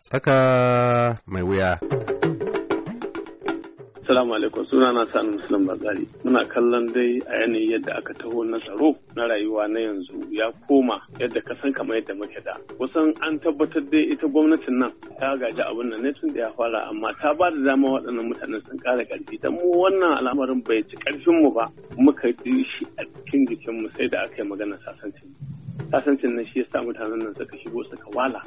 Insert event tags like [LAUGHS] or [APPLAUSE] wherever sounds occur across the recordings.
Tsaka mai wuya. Salamu alaikum suna na sani Muslim Bazari. Muna kallon dai a yanayin yadda aka taho na tsaro na rayuwa na yanzu ya koma yadda ka san kamar yadda muke da. Kusan an tabbatar dai ita gwamnatin nan ta gaji abin nan ne tun da ya fara amma ta ba da dama waɗannan mutanen sun ƙara ƙarfi dan mu wannan al'amarin bai ci ƙarfin mu ba muka ji shi a cikin jikin sai da aka yi magana sasancin. Sasancin nan shi ya sa mutanen nan suka shigo suka wala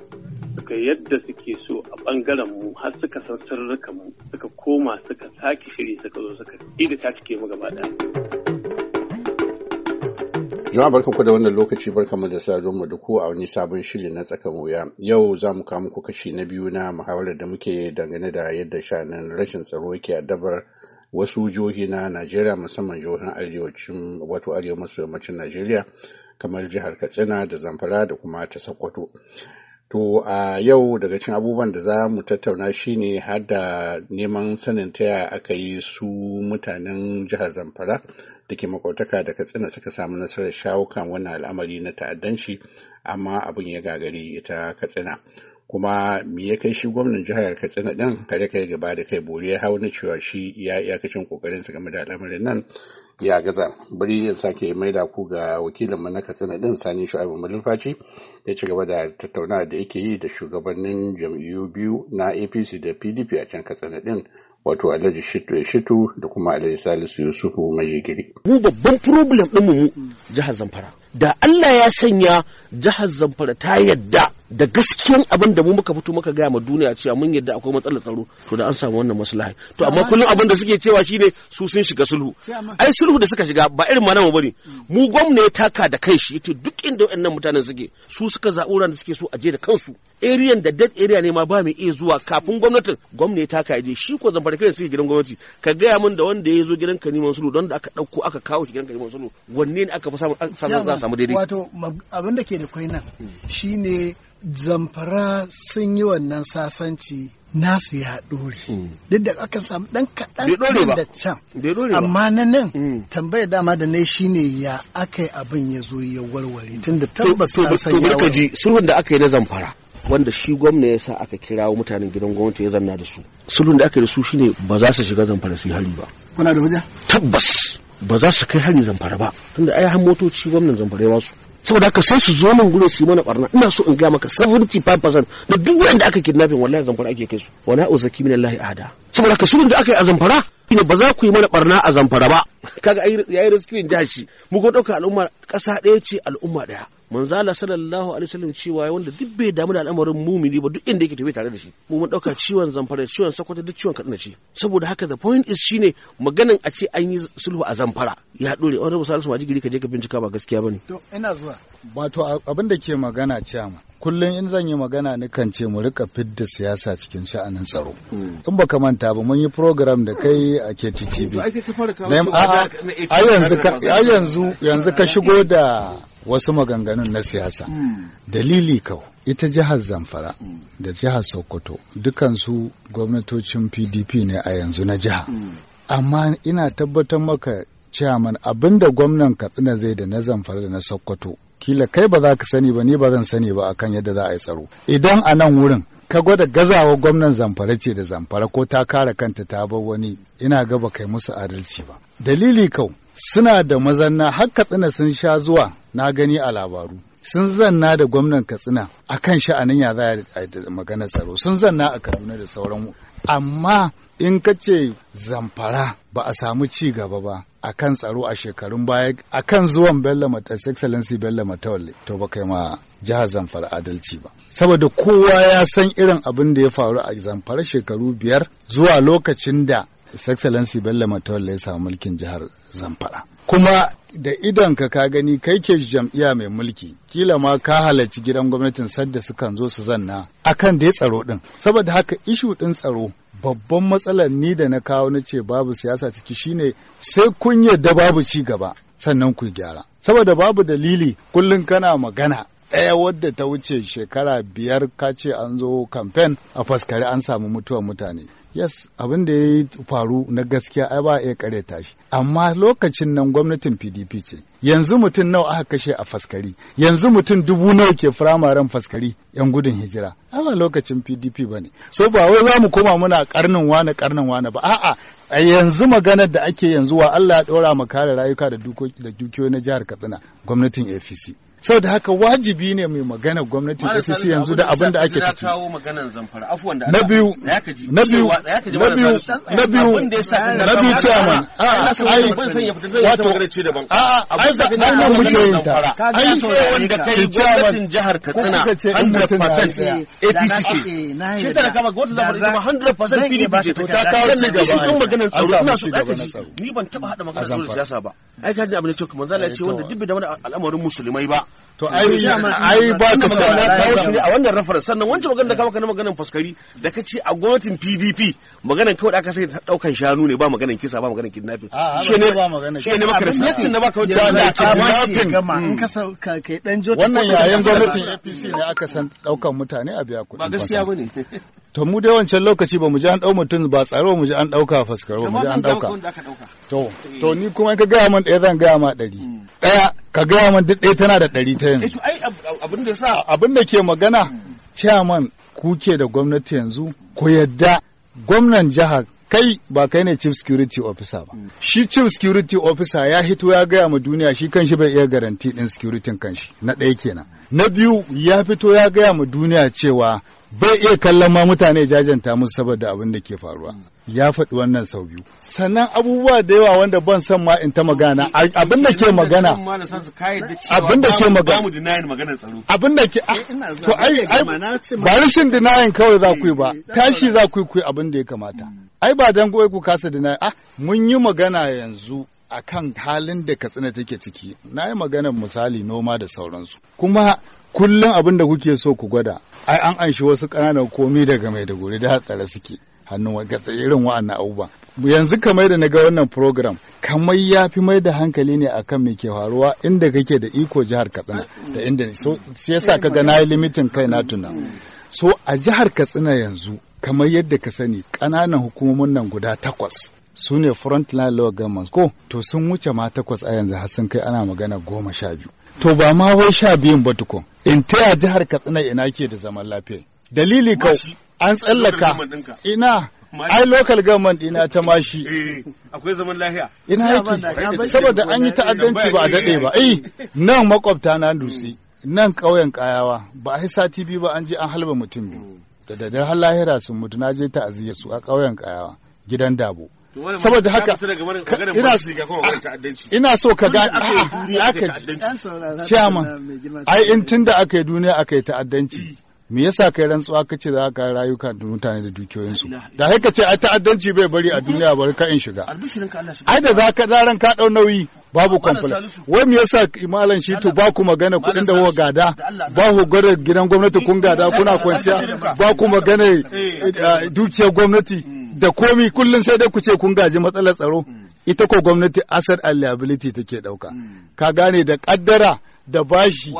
suka yadda suke so a bangaren mu har suka san sirrukan mu suka koma suka sake shiri suka zo suka ida ta cike mu gaba daya Jama'a barkanku da wannan lokaci barkanmu da saduwar mu da ku a wani sabon shiri na tsakan wuya. Yau za mu kawo muku kashi na biyu na muhawarar da muke dangane da yadda shanin rashin tsaro yake adabar wasu jihohi na Najeriya musamman jihohin arewacin wato arewa maso yammacin Najeriya kamar jihar Katsina da Zamfara da kuma ta Sokoto. To a yau daga cin abubuwan da za mu tattauna shine har da neman sanin ta yaya aka yi su mutanen jihar Zamfara da ke makautaka da Katsina suka samu nasarar shawo kan wannan al'amari na ta'addanci amma abin ya gagari ita Katsina. Kuma me ya kai shi gwamnan jihar Katsina ɗin kare kai gaba da kai bori ya hau na cewa shi ya iyakacin kokarin game da al'amarin nan ya gaza bari ya sake maida ku ga wakilinmu na katsina din sani shu'aibu malumfaci ya ci gaba da tattaunawa da yake yi da shugabannin jam'iyyu biyu na apc da pdp a can katsina din wato alhaji shitu shitu da kuma alhaji salisu yusufu majigiri mu babban problem ɗin mu jihar zamfara da allah ya sanya jihar zamfara ta yadda da gaskiyan abin da mu muka fito muka gaya ma duniya cewa mun yadda akwai matsalar tsaro to da an samu wannan maslaha to amma kullum abin da suke cewa shine su sun shiga sulhu ai sulhu da suka shiga ba irin manamu bane mm. mu gwamna ya taka da kai shi yace duk inda wayannan mutanen suke su suka zaɓo ran da suke so a je da kansu area da dead area ne ma ba mu iya zuwa kafin gwamnatin gwamna ya taka je shi ko zan farkin suke gidan gwamnati ka gaya min da wanda ya zo gidan neman sulhu don da aka dauko aka kawo shi gidan neman sulhu wanne ne aka fi samun za samu daidai wato abin da ke da kwai nan mm. shine zamfara sun yi wannan sasanci nasu ya ɗore hmm. duk da aka samu ɗan kaɗan da can amma na nan hmm. tambayar dama da na shi ne ya aka yi abin ya zo ya warware tun da tabbas ta san ya sulhun da aka yi na zamfara wanda shi gwamna ya sa aka kirawo mutanen gidan gwamnati ya zanna da su sulhun da aka yi da su shine ba za su shiga zamfara su yi hari ba kuna da hujja tabbas ba za su kai hari zamfara ba tunda ai har motoci gwamnan zamfara ya su saboda ka sai su zo min gure su yi mana barna ina so in ga maka 75% da duk wanda aka kidnapping wallahi zamfara ake kai su wala uzaki minallahi ahada saboda ka shirin da aka yi a zamfara shine ba za ku yi mana barna a zamfara ba [LAUGHS] kaga yayi in jashi mu ko dauka al'umma kasa daya ce al'umma daya manzala sallallahu alaihi wasallam cewa wanda duk bai damu da al'amarin mumini ba duk inda yake tafi tare da shi mu mun dauka ciwon zamfara ciwon sakwata duk ciwon kaduna ce saboda haka the point is shine maganan a ce an yi sulhu a zamfara ya dore wani misali su gari ka je ka bincika ba gaskiya bane to ina zuwa wato abin da ke magana ciyama kullum in zan yi magana ni kan ce mu rika fidda siyasa cikin sha'anin tsaro in baka manta ba mun yi program da kai a KTTV a yanzu yanzu ka shigo da wasu maganganun na siyasa hmm. dalili kau ita jihar zamfara hmm. da jihar sokoto dukansu gwamnatocin pdp ne a yanzu na jiha hmm. amma ina tabbatar maka ciyaman abinda gwamnan katsina zai da na zamfara da na sokoto kila kai ba za ka sani ba ni ba zan sani ba akan yadda za a yi tsaro idan a nan wurin ka gwada gazawa gwamnan zamfara ce da zamfara ko ta kare kanta ta bar wani ina ga ba kai musu adalci ba dalili kau suna da mazanna har katsina sun sha zuwa na gani a labaru sun zanna da gwamnan katsina a kan sha'anin ya za a maganar tsaro sun zanna a kaduna da sauran amma in ka ce zamfara ba a samu ci gaba ba a kan tsaro a shekarun baya a kan zuwan bello matas excellency bello matawalle to ba kai ma jihar zamfara adalci ba saboda kowa ya san irin abin da ya faru a zamfara shekaru biyar zuwa lokacin da His Excellency Bello Matawalle ya samu mulkin jihar Zamfara. Kuma da idonka ka gani kai ke jam'iyya mai mulki kila ma ka halarci gidan gwamnatin sadda sukan zo su zanna akan dai tsaro din saboda haka ishu din tsaro babban matsalar ni da na kawo na ce babu siyasa ciki shine sai kun yarda babu ci gaba sannan ku gyara saboda babu dalili kullum kana magana ɗaya wadda ta wuce shekara biyar kace an zo kamfen a faskare an samu mutuwar mutane yes abin da ya faru na gaskiya ai ba iya kare tashi amma lokacin nan gwamnatin pdp ce yanzu mutum nawa aka kashe a faskari yanzu mutum dubu nawa ke firamaren faskari yan gudun hijira ai ba lokacin pdp ba ne so ba wai za mu koma muna karnin wane karnin wane ba a'a a yanzu maganar da ake yanzu wa allah ya ɗora ma kare rayuka da dukiyoyi na jihar katsina gwamnatin apc Sau da haka wajibi ne mai magana gwamnatin APC yanzu da abin da ake ciki na biyu na biyu na biyu na biyu na biyu chairman a ai wato a ai da nan muke yin ta ai wanda kai gwamnatin jihar Katsina 100% APC ke shi da kama gwamnatin da 100% PDP ce to ta kawo ci gaba shi kun maganar tsaro ina so ka ji ni ban taba a magana da siyasa ba ai ka ji abin da ce kuma zalla ce wanda dubbe da wani al'amarin musulmai ba to ai ai ba ka na kawo shi a wannan rafar sannan wancan magana da ka maka na maganar faskari da ka ce a gwamnatin PDP maganar kawai da aka sai daukan shanu ne ba maganar kisa ba maganar kidnapping shi ne shi ne maka reflection na baka wuce da kidnapping gama in ka kai dan jota wannan yayin gwamnatin APC ne aka san daukan mutane a biya kuɗi ba gaskiya bane to mu dai wancan lokaci ba mu ji an dau mutum ba tsaro mu ji an dauka faskaro mu ji an dauka to to eh. ni kuma in ka ga man ɗaya zan ga ma ɗari hmm. ɗaya ka gaya man duk ɗaya tana da ɗari ta eh, yanzu. abin da sa abin da ke magana ciyaman kuke da gwamnati yanzu ku yadda gwamnan jihar kai ba kai ne chief security officer ba mm. shi chief security officer ya hito ya gaya ma duniya shi kanshi bai iya garanti ɗin security kanshi na ɗaya kenan na biyu ya fito ya gaya ma duniya cewa bai iya kallon ma mutane jajanta musu saboda abin da ke faruwa mm. ya faɗi wannan sau biyu sannan abubuwa da yawa wanda ban san ma in ta magana abin da ke magana abin da ke magana abin da ke ah, eh, to ai ba rashin dinayin kawai za ku yi ba eh, tashi za ku yi ku abin da ya kamata ai ba dan goyi ku kasa dinayin ah mun yi magana yanzu akan halin da katsina take ciki na yi maganar misali noma da sauransu kuma kullum abin da kuke so ku gwada ai an anshi wasu ƙananan komi daga mai da gure da hatsara suke hannun wani irin wa'annan abubuwan yanzu kamar da na ga wannan program kamar ya fi mai da hankali ne akan me ke faruwa inda kake da iko jihar katsina da inda ne. shi yasa kaga na yi limitin kai na tuna so a jihar katsina yanzu kamar yadda ka sani ƙananan hukumomin nan guda takwas su ne frontline lower government ko to sun wuce ma takwas a yanzu har sun kai ana magana goma sha biyu to ba ma wai sha biyun ba tukun in taya jihar katsina ina ke da zaman lafiya dalili kau an tsallaka ina ai local government ina ta mashi eh, akwai zaman lahiya ina yake saboda an yi ta'addanci ba a dade ba eh nan makwabta na dusi nan ƙauyen kayawa ba a sati biyu ba an je an halba mutum biyu da da har lahira sun mutu na je ta'aziyya su a ƙauyen kayawa gidan dabo saboda haka ina so ka ga aka ai in tunda aka yi duniya aka yi ta'addanci me yasa kai rantsuwa kace za ka rayuka da mutane da dukiyoyinsu da haka ce ai ta'addanci bai bari a duniya bari ka in shiga ai da za ka zaran ka dau nauyi babu kwamfula wai me yasa imalan shi to ba ku magana kudin da gada ba ku gidan gwamnati kun gada kuna kwanciya ba ku magana eh, eh, eh, dukiyar gwamnati hmm. da komi kullum sai dai ku ce kun gaji matsalar tsaro hmm. ita ko gwamnati asset liability take dauka hmm. ka gane da kaddara da bashi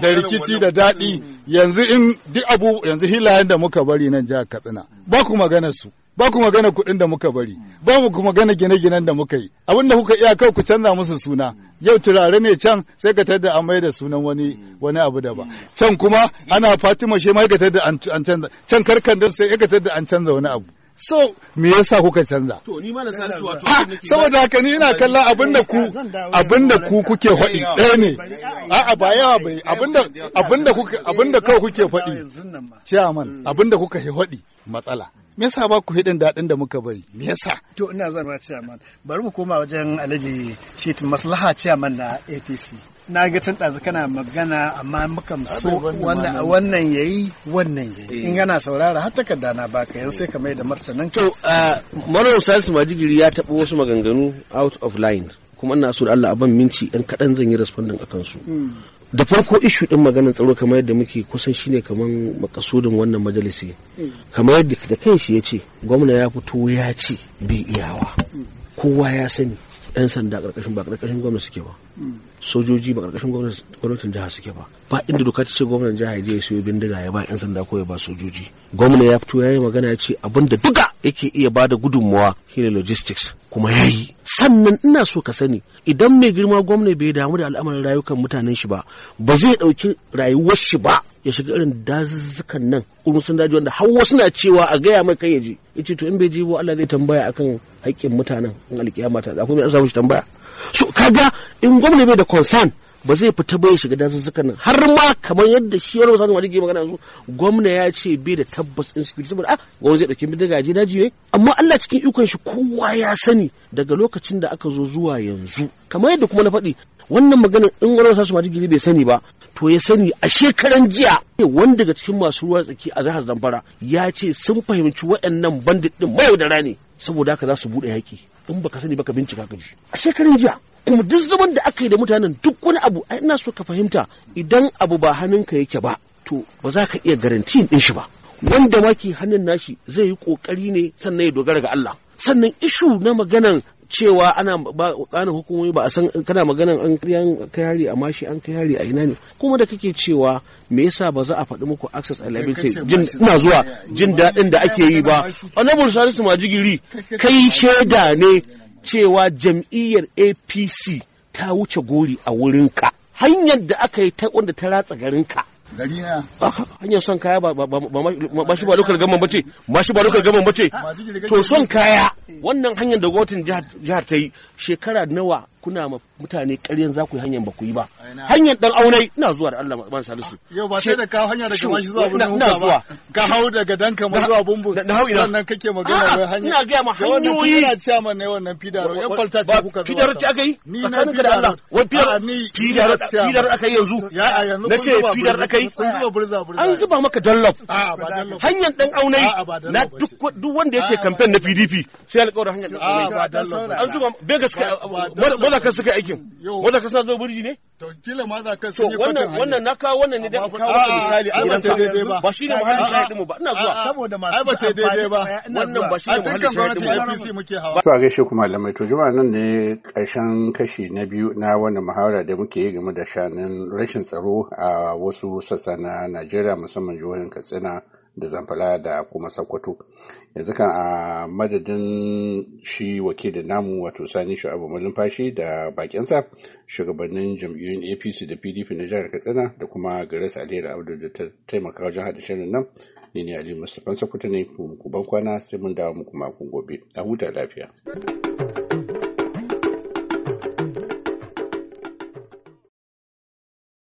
da rikici da daɗi yanzu in duk abu yanzu hilayen da muka bari nan jihar katsina ba ku magana su ba ku magana kuɗin da muka bari ba mu kuma gana gine-ginen da muka yi abin da kuka iya kai ku canza musu suna yau turare ne can sai ka tada an mai da sunan wani wani abu da ba can kuma ana fatima shi mai ka tada an canza can karkandar sai ka tada an canza wani abu so me yasa kuka canza to ni ma san cewa to saboda haka ni ina kallon abinda ku abinda ku kuke faɗi ɗaya ne a'a ba yawa bai abinda abinda kuka abinda kawai kuke faɗi chairman hmm. abinda kuka faɗi matsala me yasa ba ku hidin daɗin da muka bari me yasa to ina zan ba chairman bari mu koma wajen Alhaji Shit maslaha chairman na APC na ga tun ɗazu kana magana amma muka so wannan ya yi wannan ya yi. Eh. in gana saurara har takarda na baka yanzu sai ka mai da martanin to uh, malam salisu majigiri ya taɓa wasu maganganu out of line kuma ina so da Allah ban minci ɗan kaɗan zan yi responding a kansu hmm. da farko ishu ɗin maganar tsaro kamar yadda muke kusan shine kamar makasudin wannan majalisi hmm. kamar yadda da kanshi ya ce gwamna ya fito ya ce bai iyawa hmm. kowa ya sani yan sanda karkashin ba karkashin gwamnati suke ba sojoji ba karkashin gwamnatin jiha suke ba ba inda doka ce gwamnan jiha ya siyo bindiga ya ba yan sanda ko ya ba sojoji gwamna ya fito ya yi magana ya ce abin da duka yake iya ba da gudunmawa shine logistics kuma ya yi sannan ina so ka sani idan mai girma gwamna bai damu da al'amarin rayukan mutanen shi ba ba zai ɗauki rayuwar shi ba ya shiga irin dazuzzukan nan sun daji wanda hawa suna cewa a gaya mai kai ya je yace to in bai je ba Allah zai tambaya akan haƙƙin mutanen in alƙiyama ta akwai mai an samu shi tambaya so kaga in gwamnati bai da concern ba zai fita ba ya shiga dazuzzukan nan har ma kamar yadda shi wani musamman wani ke magana yanzu gwamna ya ce bai da tabbas in security saboda ah gwamnati zai dauki bindiga je daji ne amma Allah cikin ikon shi kowa ya sani daga lokacin da aka zo zuwa yanzu kamar yadda kuma na faɗi wannan maganar in wani musamman wani bai sani ba to ya sani a shekaran jiya Wanda daga cikin masu ruwa tsaki a jihar Zamfara ya ce sun fahimci waɗannan bandit din mayaudara ne saboda haka za su buɗe yaƙi in baka sani baka bincika ka ji a shekaran jiya kuma duk zaman da aka yi da mutanen duk wani abu ai ina so ka fahimta idan abu ba hannun hannunka yake ba to ba za ka iya garanti ɗin shi ba wanda ma ke hannun nashi zai yi kokari ne sannan ya dogara ga Allah sannan ishu na maganan cewa ana ba kana hukumomi ba a san kana maganan an kai hari amma shi an kai hari a ina ne kuma da kake cewa me yasa ba za a faɗi muku access and liberty jin ina zuwa jin daɗin da ake yi ba annabul salisu majigiri kai shaida ne cewa jam'iyyar apc ta wuce gori a wurin ka. hanyar da aka yi ta wanda ta ratsa garin ka. gari na [LAUGHS] hanyar son kaya ba ba shi ba lokar gaman bace ba shi ba lokar gaman bace to son kaya eh. wannan hanyar da gwamnatin jihar ta yi shekara nawa kuna ma mutane ƙaryan za ku yi hanyar ba ku yi ba hanyar dan aunai ina zuwa da Allah ban salisu ah, yau ba sai da ka hanya daga mashi zuwa bumbun ina zuwa ka hau daga dan kamar zuwa bumbu na hau ina nan kake magana wai hanya ina gaya ma hanyoyi ina cewa ma ne wannan fidaro yan falta ce kuka zuwa fidaro ce aka yi ni na da Allah wani fidaro fidaro fidaro aka yi yanzu ya a yanzu na ce fidaro aka yi kun zuba burza burza an zuba maka dallop hanyar dan aunai na duk wanda yake kamfen na PDP sai alƙawarin hanyar dan aunai an zuba bai gaskiya zaka suka aikin wanda ka zo burji ne to kila ma zaka sun yi wannan wannan na kawo wannan ne dan kawo misali a ba ta daidai ba ba shine muhallin shahidin mu ba ina zuwa saboda masu ai ba ta daidai ba wannan ba shine muhallin shahidin mu ba APC muke hawa to gaishe kuma malamai to jama'a nan ne karshen kashi na biyu na wannan muhawara da muke yi game da shanin rashin tsaro a wasu sassa na Najeriya musamman jihohin Katsina da zamfara da kuma sokoto yanzu kan a madadin shi wakili namu wato sani shu'abu malumfashi da bakinsa shugabannin jam'iyyun apc da pdp na jihar katsina da kuma garis alheri abdu da ta taimaka wajen haɗa shirin nan ni ne ali mustapha sokoto ne ku ban kwana sai mun dawo muku makon gobe a huta lafiya.